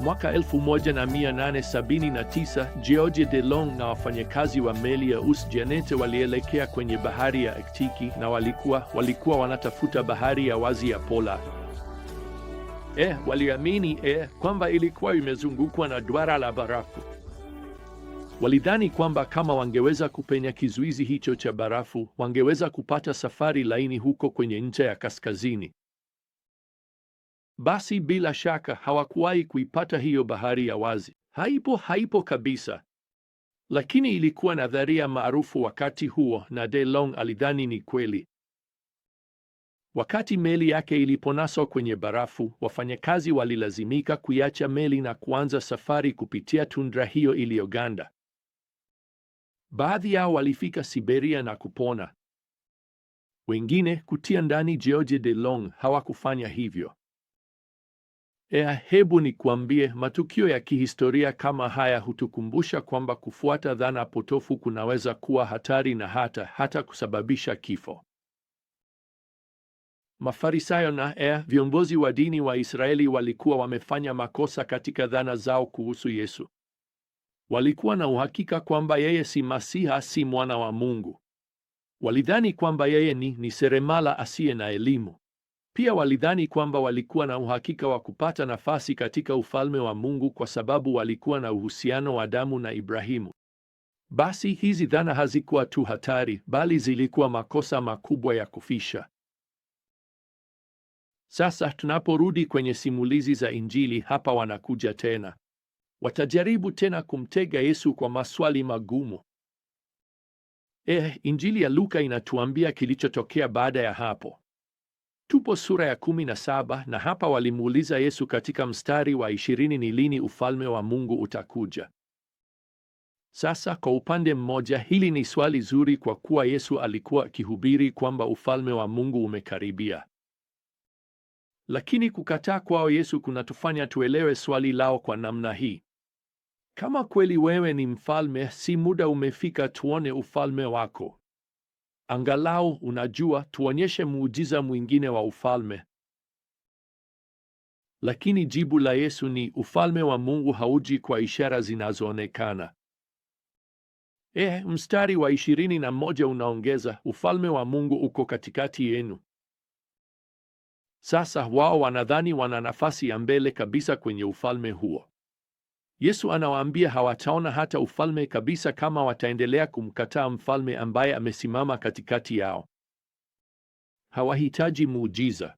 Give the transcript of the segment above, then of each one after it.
Mwaka 1879 George de Long na wafanyakazi wa meli ya us janete walielekea kwenye bahari ya Aktiki na walikuwa walikuwa wanatafuta bahari ya wazi ya Pola. Eh, waliamini eh, kwamba ilikuwa imezungukwa na duara la barafu. Walidhani kwamba kama wangeweza kupenya kizuizi hicho cha barafu, wangeweza kupata safari laini huko kwenye ncha ya kaskazini. Basi bila shaka hawakuwahi kuipata hiyo bahari ya wazi. Haipo, haipo kabisa. Lakini ilikuwa nadharia maarufu wakati huo, na De Long alidhani ni kweli. Wakati meli yake iliponaswa kwenye barafu, wafanyakazi walilazimika kuiacha meli na kuanza safari kupitia tundra hiyo iliyoganda. Baadhi yao walifika Siberia na kupona, wengine kutia ndani. George De Long hawakufanya hivyo. Ea, eh, hebu nikuambie, matukio ya kihistoria kama haya hutukumbusha kwamba kufuata dhana potofu kunaweza kuwa hatari na hata hata kusababisha kifo. Mafarisayo na ea, eh, viongozi wa dini wa Israeli walikuwa wamefanya makosa katika dhana zao kuhusu Yesu. Walikuwa na uhakika kwamba yeye si Masiha, si mwana wa Mungu. Walidhani kwamba yeye ni ni seremala asiye na elimu. Pia walidhani kwamba walikuwa na uhakika wa kupata nafasi katika ufalme wa Mungu kwa sababu walikuwa na uhusiano wa damu na Ibrahimu. Basi hizi dhana hazikuwa tu hatari, bali zilikuwa makosa makubwa ya kufisha. Sasa tunaporudi kwenye simulizi za Injili, hapa wanakuja tena, watajaribu tena kumtega Yesu kwa maswali magumu. Eh, Injili ya Luka inatuambia kilichotokea baada ya hapo. Tupo sura ya kumi na saba na hapa walimuuliza Yesu katika mstari wa ishirini ni lini ufalme wa Mungu utakuja. Sasa kwa upande mmoja, hili ni swali zuri kwa kuwa Yesu alikuwa akihubiri kwamba ufalme wa Mungu umekaribia. Lakini kukataa kwao Yesu kunatufanya tuelewe swali lao kwa namna hii. Kama kweli wewe ni mfalme, si muda umefika tuone ufalme wako? Angalau unajua, tuonyeshe muujiza mwingine wa ufalme. Lakini jibu la Yesu ni ufalme wa Mungu hauji kwa ishara zinazoonekana. Eh, mstari wa ishirini na moja unaongeza ufalme wa Mungu uko katikati yenu. Sasa wao wanadhani wana nafasi ya mbele kabisa kwenye ufalme huo. Yesu anawaambia hawataona hata ufalme kabisa kama wataendelea kumkataa mfalme ambaye amesimama katikati yao. Hawahitaji muujiza.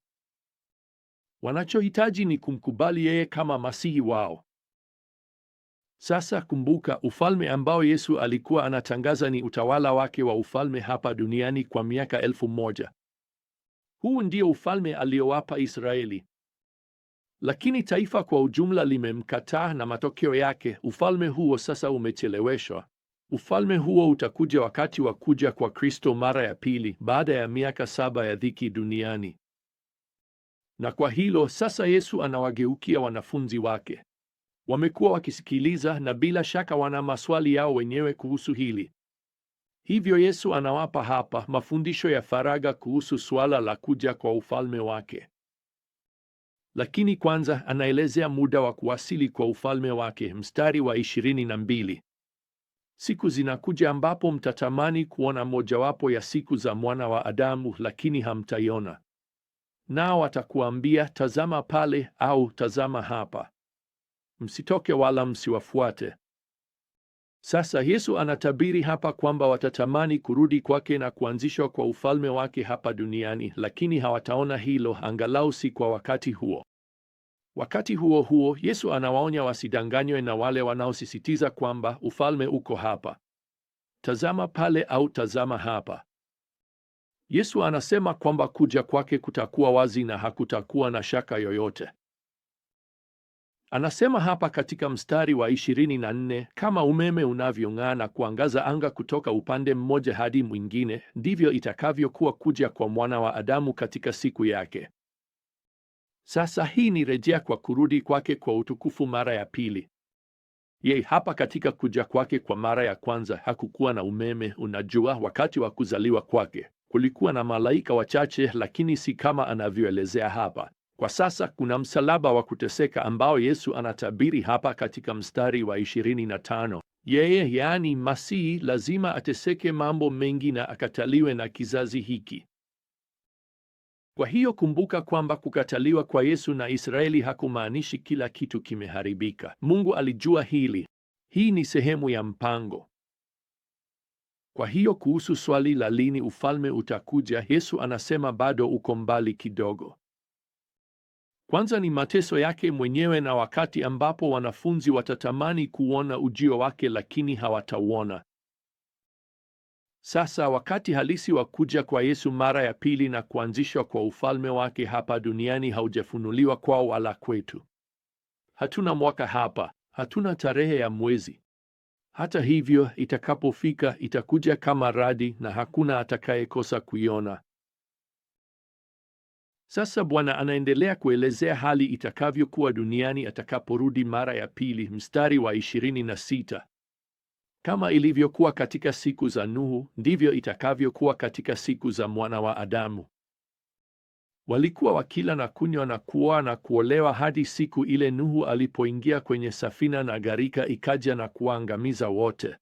Wanachohitaji ni kumkubali yeye kama masihi wao. Sasa kumbuka, ufalme ambao Yesu alikuwa anatangaza ni utawala wake wa ufalme hapa duniani kwa miaka elfu moja. Huu ndio ufalme aliowapa Israeli. Lakini taifa kwa ujumla limemkataa na matokeo yake ufalme huo sasa umecheleweshwa. Ufalme huo utakuja wakati wa kuja kwa Kristo mara ya pili baada ya miaka saba ya dhiki duniani. Na kwa hilo sasa Yesu anawageukia wanafunzi wake. Wamekuwa wakisikiliza na bila shaka wana maswali yao wenyewe kuhusu hili. Hivyo Yesu anawapa hapa mafundisho ya faraga kuhusu suala la kuja kwa ufalme wake. Lakini kwanza anaelezea muda wa kuwasili kwa ufalme wake, mstari wa ishirini na mbili. Siku zinakuja ambapo mtatamani kuona mojawapo ya siku za mwana wa Adamu, lakini hamtaiona. Nao atakuambia, tazama pale au tazama hapa, msitoke wala msiwafuate. Sasa Yesu anatabiri hapa kwamba watatamani kurudi kwake na kuanzishwa kwa ufalme wake hapa duniani, lakini hawataona hilo, angalau si kwa wakati huo. Wakati huo huo, Yesu anawaonya wasidanganywe na wale wanaosisitiza kwamba ufalme uko hapa, tazama pale au tazama hapa. Yesu anasema kwamba kuja kwake kutakuwa wazi na hakutakuwa na shaka yoyote. Anasema hapa katika mstari wa 24, kama umeme unavyong'aa na kuangaza anga kutoka upande mmoja hadi mwingine, ndivyo itakavyokuwa kuja kwa mwana wa Adamu katika siku yake. Sasa hii ni rejea kwa kurudi kwake kwa utukufu mara ya pili. Ye, hapa katika kuja kwake kwa mara ya kwanza hakukuwa na umeme. Unajua, wakati wa kuzaliwa kwake kulikuwa na malaika wachache, lakini si kama anavyoelezea hapa. Kwa sasa kuna msalaba wa kuteseka ambao Yesu anatabiri hapa katika mstari wa 25. Yeye yaani Masihi lazima ateseke mambo mengi na akataliwe na kizazi hiki. Kwa hiyo kumbuka kwamba kukataliwa kwa Yesu na Israeli hakumaanishi kila kitu kimeharibika. Mungu alijua hili. Hii ni sehemu ya mpango. Kwa hiyo kuhusu swali la lini ufalme utakuja, Yesu anasema bado uko mbali kidogo. Kwanza ni mateso yake mwenyewe na wakati ambapo wanafunzi watatamani kuona ujio wake lakini hawatauona. Sasa wakati halisi wa kuja kwa Yesu mara ya pili na kuanzishwa kwa ufalme wake hapa duniani haujafunuliwa kwao wala kwetu. Hatuna mwaka hapa, hatuna tarehe ya mwezi. Hata hivyo, itakapofika itakuja kama radi na hakuna atakayekosa kuiona. Sasa Bwana anaendelea kuelezea hali itakavyokuwa duniani atakaporudi mara ya pili, mstari wa 26. Kama ilivyokuwa katika siku za Nuhu, ndivyo itakavyokuwa katika siku za mwana wa Adamu. Walikuwa wakila na kunywa na kuoa na kuolewa hadi siku ile Nuhu alipoingia kwenye safina na gharika ikaja na kuwaangamiza wote.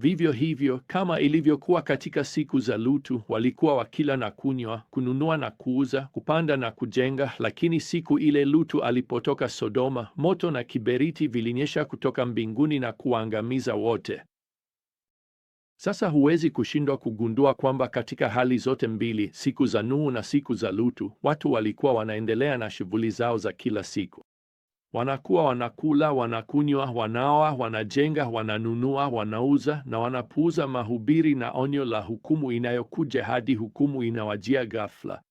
Vivyo hivyo, kama ilivyokuwa katika siku za Lutu, walikuwa wakila na kunywa, kununua na kuuza, kupanda na kujenga. Lakini siku ile Lutu alipotoka Sodoma, moto na kiberiti vilinyesha kutoka mbinguni na kuwaangamiza wote. Sasa huwezi kushindwa kugundua kwamba katika hali zote mbili, siku za Nuhu na siku za Lutu, watu walikuwa wanaendelea na shughuli zao za kila siku. Wanakuwa wanakula, wanakunywa, wanaoa, wanajenga, wananunua, wanauza na wanapuuza mahubiri na onyo la hukumu inayokuja hadi hukumu inawajia ghafla.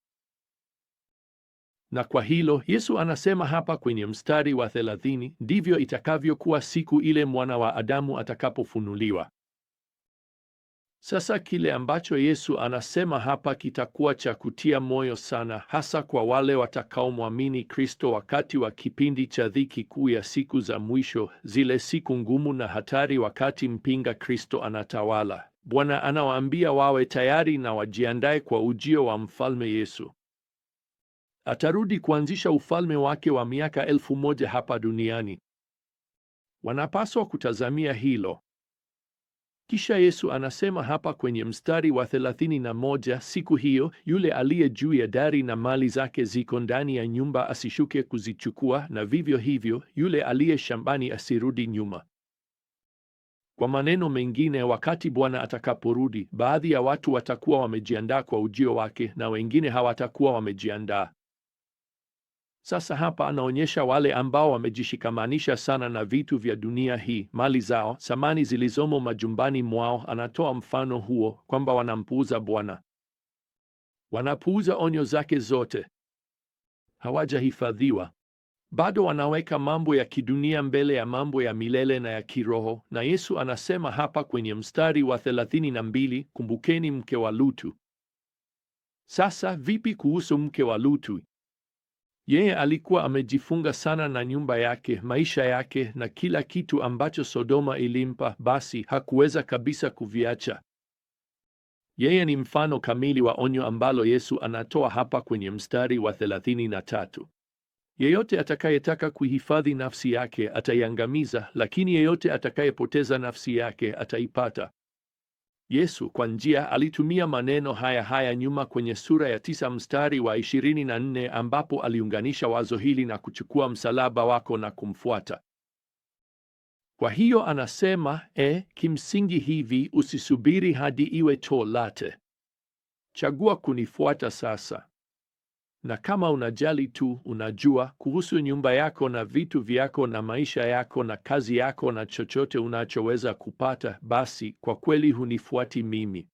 Na kwa hilo Yesu anasema hapa kwenye mstari wa thelathini, ndivyo itakavyokuwa siku ile mwana wa Adamu atakapofunuliwa. Sasa kile ambacho Yesu anasema hapa kitakuwa cha kutia moyo sana, hasa kwa wale watakaomwamini Kristo wakati wa kipindi cha dhiki kuu ya siku za mwisho, zile siku ngumu na hatari, wakati mpinga Kristo anatawala. Bwana anawaambia wawe tayari na wajiandae kwa ujio wa mfalme Yesu. Atarudi kuanzisha ufalme wake wa miaka elfu moja hapa duniani. Wanapaswa kutazamia hilo. Kisha Yesu anasema hapa kwenye mstari wa thelathini na moja, siku hiyo yule aliye juu ya dari na mali zake ziko ndani ya nyumba asishuke kuzichukua, na vivyo hivyo yule aliye shambani asirudi nyuma. Kwa maneno mengine, wakati Bwana atakaporudi, baadhi ya watu watakuwa wamejiandaa kwa ujio wake na wengine hawatakuwa wamejiandaa. Sasa hapa anaonyesha wale ambao wamejishikamanisha sana na vitu vya dunia hii, mali zao, samani zilizomo majumbani mwao. Anatoa mfano huo kwamba wanampuuza Bwana, wanapuuza onyo zake zote, hawajahifadhiwa bado wanaweka mambo ya kidunia mbele ya mambo ya milele na ya kiroho. Na Yesu anasema hapa kwenye mstari wa 32, kumbukeni mke wa Lutu. Sasa vipi kuhusu mke wa Lutu? Yeye alikuwa amejifunga sana na nyumba yake, maisha yake, na kila kitu ambacho Sodoma ilimpa, basi hakuweza kabisa kuviacha. Yeye ni mfano kamili wa onyo ambalo Yesu anatoa hapa kwenye mstari wa 33. Yeyote atakayetaka kuhifadhi nafsi yake ataiangamiza, lakini yeyote atakayepoteza nafsi yake ataipata. Yesu kwa njia alitumia maneno haya haya nyuma kwenye sura ya tisa mstari wa ishirini na nne ambapo aliunganisha wazo hili na kuchukua msalaba wako na kumfuata. Kwa hiyo anasema e, kimsingi hivi, usisubiri hadi iwe to late, chagua kunifuata sasa na kama unajali tu, unajua, kuhusu nyumba yako na vitu vyako na maisha yako na kazi yako na chochote unachoweza kupata, basi kwa kweli hunifuati mimi.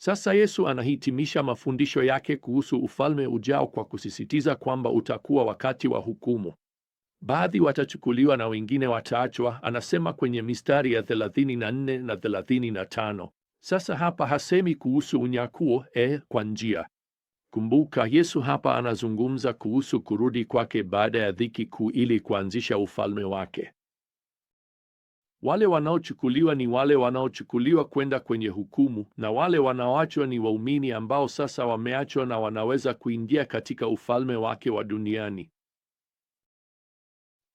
Sasa Yesu anahitimisha mafundisho yake kuhusu ufalme ujao kwa kusisitiza kwamba utakuwa wakati wa hukumu. Baadhi watachukuliwa na wengine wataachwa, anasema kwenye mistari ya 34 na 35. Sasa hapa hasemi kuhusu unyakuo, e, kwa njia Kumbuka Yesu hapa anazungumza kuhusu kurudi kwake baada ya dhiki kuu ili kuanzisha ufalme wake. Wale wanaochukuliwa ni wale wanaochukuliwa kwenda kwenye hukumu, na wale wanaoachwa ni waumini ambao sasa wameachwa na wanaweza kuingia katika ufalme wake wa duniani.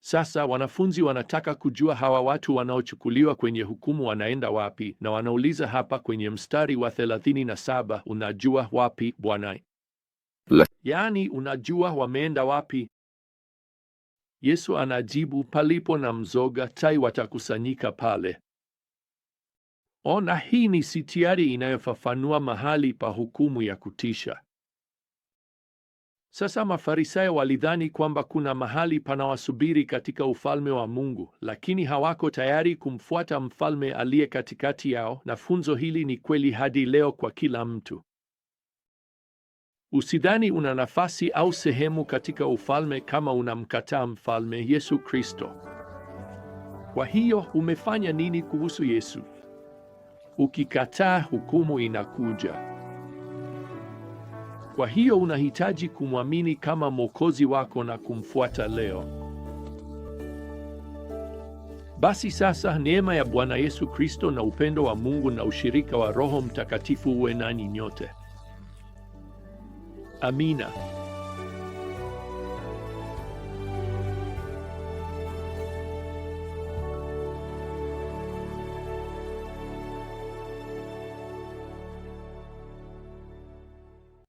Sasa wanafunzi wanataka kujua hawa watu wanaochukuliwa kwenye hukumu wanaenda wapi, na wanauliza hapa kwenye mstari wa 37, unajua wapi Bwana? yani, unajua wameenda wapi? Yesu anajibu, palipo na mzoga tai watakusanyika pale. Ona, hii ni sitiari inayofafanua mahali pa hukumu ya kutisha. Sasa Mafarisayo walidhani kwamba kuna mahali panawasubiri katika ufalme wa Mungu, lakini hawako tayari kumfuata mfalme aliye katikati yao, na funzo hili ni kweli hadi leo kwa kila mtu. Usidhani una nafasi au sehemu katika ufalme kama unamkataa mfalme Yesu Kristo. Kwa hiyo umefanya nini kuhusu Yesu? Ukikataa, hukumu inakuja. Kwa hiyo unahitaji kumwamini kama Mwokozi wako na kumfuata leo. Basi sasa, neema ya Bwana Yesu Kristo na upendo wa Mungu na ushirika wa Roho Mtakatifu uwe nanyi nyote. Amina.